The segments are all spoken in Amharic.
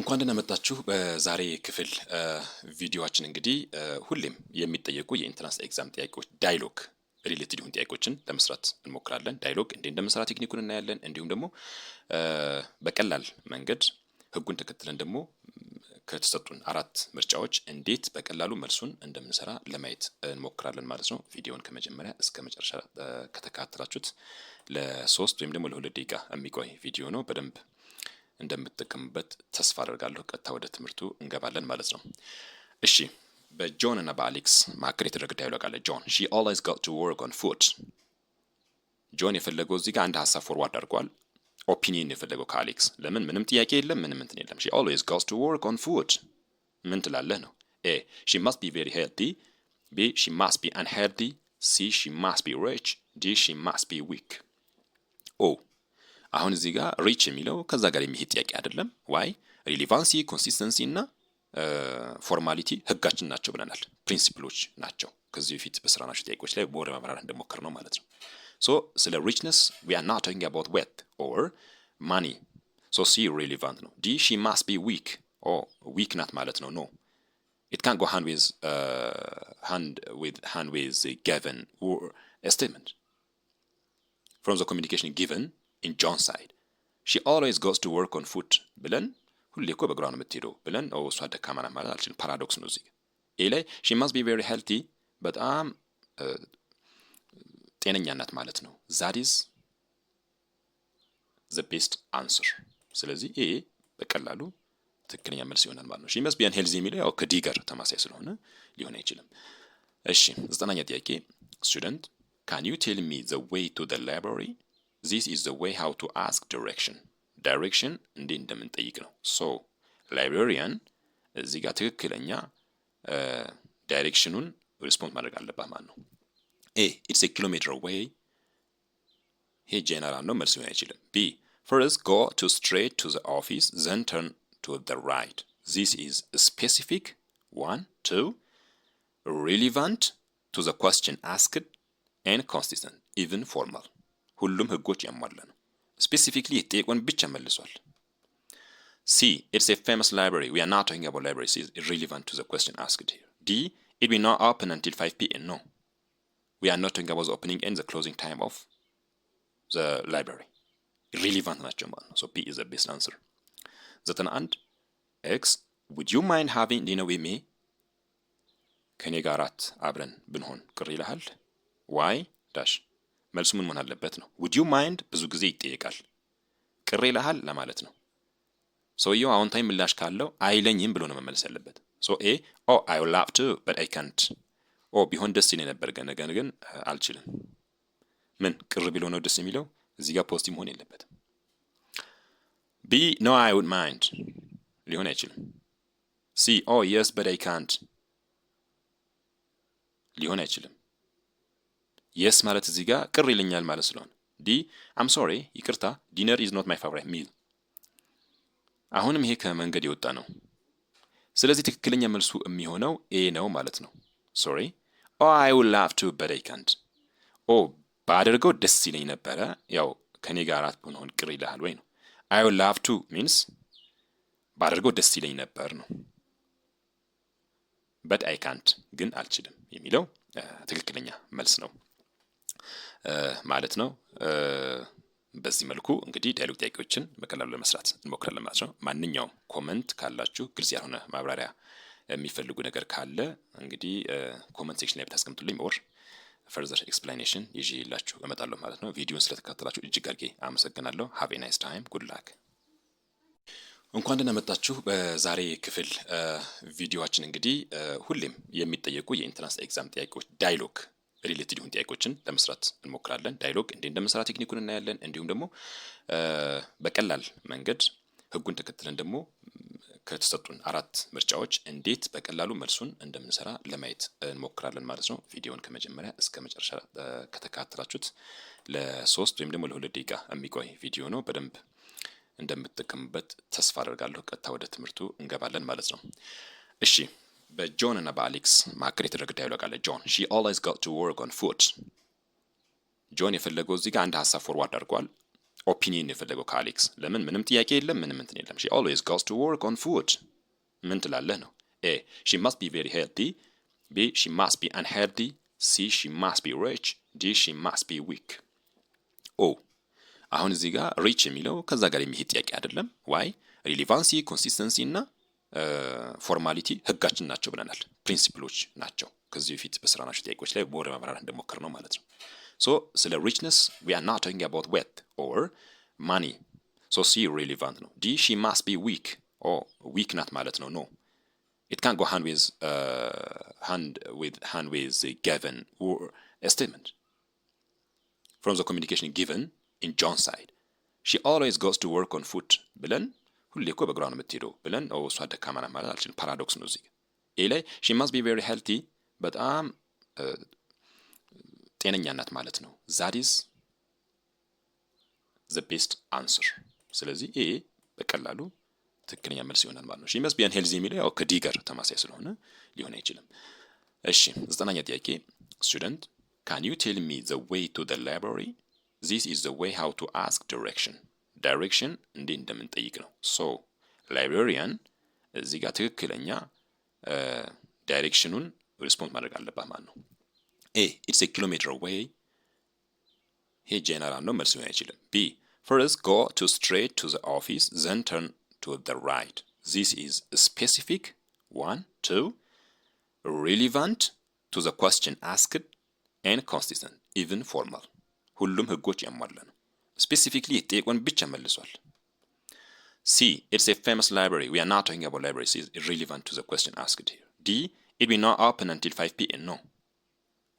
እንኳን ደህና መጣችሁ። በዛሬ ክፍል ቪዲዮችን እንግዲህ ሁሌም የሚጠየቁ የኢንትራንስ ኤግዛም ጥያቄዎች ዳይሎግ ሪሌትድ የሆኑ ጥያቄዎችን ለመስራት እንሞክራለን። ዳይሎግ እንዴ እንደምንሰራ ቴክኒኩን እናያለን። እንዲሁም ደግሞ በቀላል መንገድ ህጉን ተከትለን ደግሞ ከተሰጡን አራት ምርጫዎች እንዴት በቀላሉ መልሱን እንደምንሰራ ለማየት እንሞክራለን ማለት ነው። ቪዲዮውን ከመጀመሪያ እስከ መጨረሻ ከተከታተላችሁት ለሶስት ወይም ደግሞ ለሁለት ደቂቃ የሚቆይ ቪዲዮ ነው። በደንብ እንደምትጠቀሙበት ተስፋ አደርጋለሁ። ቀጥታ ወደ ትምህርቱ እንገባለን ማለት ነው። እሺ በጆን እና በአሌክስ መካከል የተደረገ ዳያሎግ አለ። ጆን ሺ ኦልዌይስ ጋት ቱ ወርክ ኦን ፉድ። ጆን የፈለገው እዚህ ጋር አንድ ሀሳብ ፎርዋርድ አድርጓል። ኦፒኒየን የፈለገው ከአሌክስ ለምን ምንም ጥያቄ የለም፣ ምንም እንትን የለም። ሺ ኦልዌይስ ጋት ቱ ወርክ ኦን ፉድ ምን ትላለህ ነው። ኤ ሺ ማስት ቢ ቬሪ ሄልቲ፣ ቢ ሺ ማስት ቢ አንሄልቲ፣ ሲ ሺ ማስት ቢ ሪች፣ ዲ ሺ ማስት ቢ ዊክ ኦ አሁን እዚህ ጋር ሪች የሚለው ከዛ ጋር የሚሄድ ጥያቄ አይደለም። ዋይ ሪሊቫንሲ፣ ኮንሲስተንሲ እና ፎርማሊቲ ህጋችን ናቸው ብለናል። ፕሪንሲፕሎች ናቸው። ከዚህ በፊት በስራናቸው ጥያቄዎች ላይ ወደ ማብራራት እንደሞከር ነው ማለት ነው። ሶ ስለ ሪችነስ ዊ አር ናት ቶኪንግ አባውት ዌት ኦር ማኒ። ሶ ሲ ሪሊቫንት ነው። ዲ ሺ ማስ ቢ ዊክ ኦ ዊክ ናት ማለት ነው። ኖ ኢት ካን ጎ ሃንድ ዊዝ ሃንድ ዊዝ ሃንድ ዊዝ ጊቨን ስቴትመንት ፍሮም ዘ ኮሚኒኬሽን ጊቨን ኢን ጆን ሳይድ ሺ ኦልዌይስ ጎስ ቱ ወርክ ኦን ፉት ብለን ሁሌ እኮ በእግሯ ነው የምትሄደው ብለን እሷ ደካማ ናት ማለት አልችልም። ፓራዶክስ ነው እዚህ ይህ ላይ ሺ ማስ ቢ ቬሪ ሄልቲ በጣም ጤነኛ ናት ማለት ነው። ዛዲዝ ዘ ቤስት አንስር። ስለዚህ ይሄ በቀላሉ ትክክለኛ መልስ ይሆናል ማለት ነው። ሺ ማስ ቢ አንሄልዚ የሚለው ያው ከዲ ተማሳይ ስለሆነ ሊሆን አይችልም። እሺ ዘጠናኛ ጥያቄ ስቱደንት ካን ዩ ቴል ሚ ዘ ዌይ ቱ ዘ ላይብራሪ ዚስ ኢዝ ዘ ዌይ ሃው ቱ አስክ ዳይሬክሽን ዳይሬክሽን እንዴ እንደምንጠይቅ ነው። ሶ ላይብራሪያን እዚህ ጋር ትክክለኛ ዳይሬክሽኑን ሪስፖንስ ማድረግ አለባት ማለት ነው። ኤ ኢትስ ኪሎ ሜትር ዌይ ይሄ ጄነራል ነው፣ መልስ ሊሆን አይችልም። ቢ ፈርስት ጎ ቱ ስትሬት ቱ ዘ ኦፊስ ዘን ተርን ቱ ዘ ራይት ዚስ ኢዝ ስፔሲፊክ ዋን ቱ ሪሊቫንት ቱ ዘ ኳስችን አስክድ ኤንድ ኮንሲስተንት ፎርማል ሁሉም ህጎች ያሟላ ነው። ስፔሲፊክሊ ጥያቄውን ብቻ መልሷል። ሲ ኢትስ ኤ ፌመስ ላይብራሪ ዊ አር ናት ቶኪንግ አባውት ላይብራሪስ ኢዝ ኢሪሊቫንት ቱ ዘ ኩዌስችን አስክድ ሂር። ዲ ኢት ዊል ናት ኦፕን አንቲል 5 ፒኤም ኖ ዊ አር ናት ቶኪንግ አባውት ዘ ኦፕኒንግ ኤንድ ዘ ክሎዚንግ ታይም ኦፍ ዘ ላይብራሪ ኢሪሊቫንት ናቸው ማለት ነው። ሶ ፒ ኢዝ ዘ ቤስት አንስር። ዘጠና አንድ ኤክስ ውድ ዩ ማይንድ ሃቪንግ ዲነር ዊዝ ሚ ከኔ ጋር አብረን ብንሆን ቅር ይልሃል? ዋይ ዳሽ መልሱ ምን መሆን አለበት ነው። ውድ ዩ ማይንድ ብዙ ጊዜ ይጠየቃል። ቅር ይልሃል ለማለት ነው። ሰውየው አዎንታዊ ምላሽ ካለው አይለኝም ብሎ ነው መመለስ ያለበት። ሶ ኤ ኦ አይ ውድ ላቭ ቱ በት አይ ካንት ኦ ቢሆን ደስ ይለኝ ነበር ነገር ግን አልችልም። ምን ቅር ቢሎ ነው ደስ የሚለው? እዚህ ጋር ፖዚቲቭ መሆን የለበትም። ቢ ኖ አይ ውድ ማይንድ ሊሆን አይችልም። ሲ ኦ የስ በት አይ ካንት ሊሆን አይችልም። የስ ማለት እዚህ ጋር ቅር ይለኛል ማለት ስለሆነ ዲ አም ሶሪ ይቅርታ፣ ዲነር ኢዝ ኖት ማይ ፋቨራይት ሚል። አሁንም ይሄ ከመንገድ የወጣ ነው። ስለዚህ ትክክለኛ መልሱ የሚሆነው ኤ ነው ማለት ነው። ሶሪ ኦ አይ ውድ ላቭ ቱ በት አይ ካንት። ኦ ባደርገው ደስ ይለኝ ነበረ፣ ያው ከኔ ጋር አራት ብንሆን ቅር ይልሃል ወይ ነው። አይ ውድ ላቭ ቱ ሚንስ ባደርገው ደስ ይለኝ ነበር ነው። በት አይ ካንት ግን አልችልም የሚለው ትክክለኛ መልስ ነው። ማለት ነው። በዚህ መልኩ እንግዲህ ዳያሎግ ጥያቄዎችን በቀላሉ ለመስራት እንሞክራለን ማለት ነው። ማንኛውም ኮመንት ካላችሁ ግልጽ ያልሆነ ማብራሪያ የሚፈልጉ ነገር ካለ እንግዲህ ኮመንት ሴክሽን ላይ ብታስቀምጡልኝ ኦር ፈርዘር ኤክስፕላኔሽን ይዤ እመጣለሁ ማለት ነው። ቪዲዮን ስለተከታተላችሁ እጅግ አድርጌ አመሰግናለሁ። ሃቭ ኤ ናይስ ታይም ጉድ ላክ። እንኳን ደህና መጣችሁ። በዛሬ ክፍል ቪዲዮችን እንግዲህ ሁሌም የሚጠየቁ የኢንትራንስ ኤግዛም ጥያቄዎች ዳይሎግ ሪሌትድ የሆኑ ጥያቄዎችን ለመስራት እንሞክራለን። ዳይሎግ እንዴ እንደመስራት ቴክኒኩን እናያለን። እንዲሁም ደግሞ በቀላል መንገድ ህጉን ተከትለን ደግሞ ከተሰጡን አራት ምርጫዎች እንዴት በቀላሉ መልሱን እንደምንሰራ ለማየት እንሞክራለን ማለት ነው። ቪዲዮውን ከመጀመሪያ እስከ መጨረሻ ከተከታተላችሁት ለሶስት ወይም ደግሞ ለሁለት ደቂቃ የሚቆይ ቪዲዮ ነው። በደንብ እንደምትጠቀሙበት ተስፋ አደርጋለሁ። ቀጥታ ወደ ትምህርቱ እንገባለን ማለት ነው። እሺ በጆን እና በአሌክስ መካከል የተደረገ ዳያሎግ አለ። ጆን ሺ ኦልዌይስ ቱ ወርክ ኦን ፉድ። ጆን የፈለገው እዚህ ጋር አንድ ሀሳብ ፎርዋርድ አድርጓል። ኦፒኒየን የፈለገው ከአሌክስ ለምን ምንም ጥያቄ የለም፣ ምንም እንትን የለም። ሺ ኦልዌይስ ጋት ቱ ወርክ ኦን ፉድ ምን ትላለህ ነው። ኤ ሺ ማስት ቢ ቬሪ ሄልቲ፣ ቢ ሺ ማስት ቢ አንሄልቲ፣ ሲ ሺ ማስት ቢ ሪች፣ ዲ ሺ ማስት ቢ ዊክ። ኦ አሁን እዚህ ጋር ሪች የሚለው ከዛ ጋር የሚሄድ ጥያቄ አይደለም። ዋይ ሪሊቫንሲ ኮንሲስተንሲ እና ፎርማሊቲ ህጋችን ናቸው ብለናል። ፕሪንሲፕሎች ናቸው። ከዚህ በፊት በስራናቸው ጥያቄዎች ላይ ወደ ማብራራት እንደሞከር ነው ማለት ነው። ሶ ስለ ሪችነስ ዊ አር ናት ቶኪንግ አባውት ዌልት ኦር ማኒ። ሶ ሲ ሪሊቫንት ነው። ዲ ሺ ማስ ቢ ዊክ ኦ ዊክ ናት ማለት ነው። ኖ ኢት ካን ጎ ሃንድ ዊዝ ሃንድ ዊዝ ሃንድ ዊዝ ጊቨን ኦር ስቴትመንት ፍሮም ዘ ኮሚኒኬሽን ጊቨን ኢን ጆን ሳይድ ሺ ኦልዌይስ ጎስ ቱ ወርክ ኦን ፉት ብለን ሁሌ እኮ በግሯ ነው የምትሄደው ብለን እሷ ደካማ ናት ማለት አልችልም። ፓራዶክስ ነው እዚህ ይህ ላይ ሺ ማስ ቢ ቬሪ ሄልቲ በጣም ጤነኛ ናት ማለት ነው። ዛዲስ ዘ ቤስት አንስር። ስለዚህ ይሄ በቀላሉ ትክክለኛ መልስ ይሆናል ማለት ነው። ሺ ማስ ቢ አን ሄልዚ የሚለው ያው ከዲ ጋር ተማሳይ ስለሆነ ሊሆን አይችልም። እሺ ዘጠናኛ ጥያቄ ስቱደንት ካን ዩ ቴል ሚ ዘ ዌይ ቱ ዘ ላይብራሪ ዚስ ኢዝ ዘ ዌይ ሃው ቱ አስክ ዲሬክሽን ዳይሬክሽን እንዴ እንደምንጠይቅ ነው። ሶ ላይብሬሪያን እዚህ ጋር ትክክለኛ ዳይሬክሽኑን ሪስፖንድ ማድረግ አለባት ማለት ነው። ኤ ኢትስ ኪሎ ሜትር ዌይ ይሄ ጄነራል ነው፣ መልስ ሊሆን አይችልም። ቢ ፈርስት ጎ ቱ ስትሬት ቱ ዘ ኦፊስ ዘን ተርን ቱ ዘ ራይት ዚስ ኢዝ ስፔሲፊክ ዋን ቱ ሪሊቫንት ቱ ዘ ኳስችን አስክድ ኤን ኮንሲስተንት ኢቨን ፎርማል ሁሉም ህጎች ያሟላ ነው። ስፔሲፊክሊ ጥያቄውን ብቻ መልሷል። ሲ ኢትስ ኤ ፌመስ ላይብራሪ ዊ አር ናት ቶኪንግ አባውት ላይብራሪስ ኢዝ ኢሪሊቫንት ቱ ዘ ኩዌስችን አስክድ ሂር። ዲ ኢት ዊል ኖት ኦፕን አንቲል 5 ፒኤም ኖ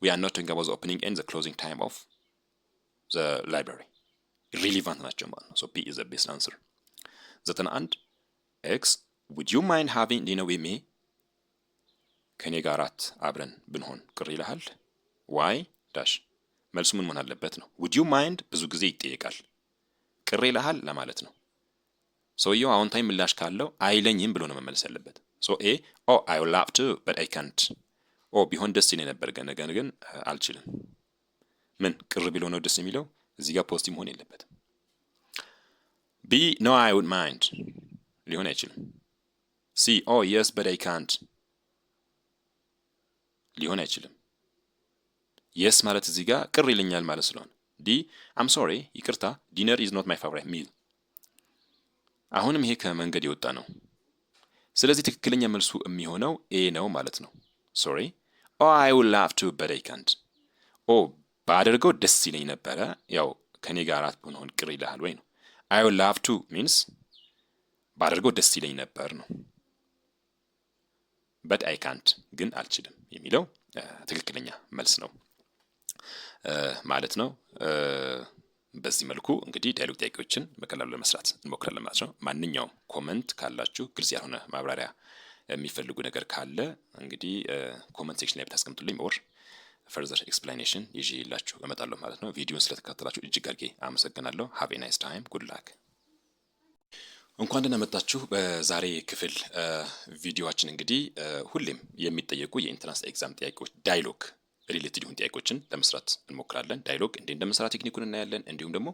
ዊ አር ናት ቶኪንግ አባውት ዘ ኦፕኒንግ ኤንድ ዘ ክሎዚንግ ታይም ኦፍ ዘ ላይብራሪ ኢሪሊቫንት ናቸው ማለት ነው። ሶ ፒ ኢዝ ዘ ቤስት አንስር። ዘጠና አንድ ኤክስ ውድ ዩ ማይንድ ሃቪንግ ዲነር ዊዝ ሚ ከኔ ጋር አብረን ብንሆን ቅር ይልሃል? ዋይ ዳሽ መልሱ ምን መሆን አለበት ነው። ውድ ዩ ማይንድ ብዙ ጊዜ ይጠየቃል። ቅር ይልሃል ለማለት ነው። ሰውየው አዎንታዊ ምላሽ ካለው አይለኝም ብሎ ነው መመለስ ያለበት። ሶ ኤ ኦ አይ ውድ ላቭ ቱ በት አይ ካንት ኦ ቢሆን ደስ ይለኝ ነበር ነገር ግን አልችልም። ምን ቅር ቢሎ ነው ደስ የሚለው? እዚህ ጋር ፖዚቲቭ መሆን የለበትም። ቢ ኖ አይ ውድ ማይንድ ሊሆን አይችልም። ሲ ኦ የስ በት አይ ካንት ሊሆን አይችልም። የስ ማለት እዚህ ጋር ቅር ይለኛል ማለት ስለሆነ ዲ አም ሶሪ ይቅርታ፣ ዲነር ኢዝ ኖት ማይ ፋቨራይት ሚል። አሁንም ይሄ ከመንገድ የወጣ ነው። ስለዚህ ትክክለኛ መልሱ የሚሆነው ኤ ነው ማለት ነው። ሶሪ ኦ አይ ውድ ላቭ ቱ በት አይ ካንት። ኦ ባደርገው ደስ ይለኝ ነበረ። ያው ከኔ ጋር አራት ብንሆን ቅር ይልሃል ወይ ነው። አይ ውድ ላቭ ቱ ሚንስ ባደርገው ደስ ይለኝ ነበር ነው። በት አይ ካንት ግን አልችልም የሚለው ትክክለኛ መልስ ነው። ማለት ነው። በዚህ መልኩ እንግዲህ ዳያሎግ ጥያቄዎችን በቀላሉ ለመስራት እንሞክራለን ማለት ነው። ማንኛውም ኮመንት ካላችሁ ግልጽ ያልሆነ ማብራሪያ የሚፈልጉ ነገር ካለ እንግዲህ ኮመንት ሴክሽን ላይ ብታስቀምጡልኝ ሞር ፈርዘር ኤክስፕላኔሽን ይዤላችሁ እመጣለሁ ማለት ነው። ቪዲዮን ስለተከታተላችሁ እጅግ አድርጌ አመሰግናለሁ። ሀቭ ኤ ናይስ ታይም ጉድ ላክ። እንኳን ደህና መጣችሁ። በዛሬ ክፍል ቪዲዮዋችን እንግዲህ ሁሌም የሚጠየቁ የኢንትራንስ ኤግዛም ጥያቄዎች ዳይሎግ ሪሌትድ የሆኑ ጥያቄዎችን ለመስራት እንሞክራለን። ዳይሎግ እንዴት እንደምንሰራ ቴክኒኩን እናያለን። እንዲሁም ደግሞ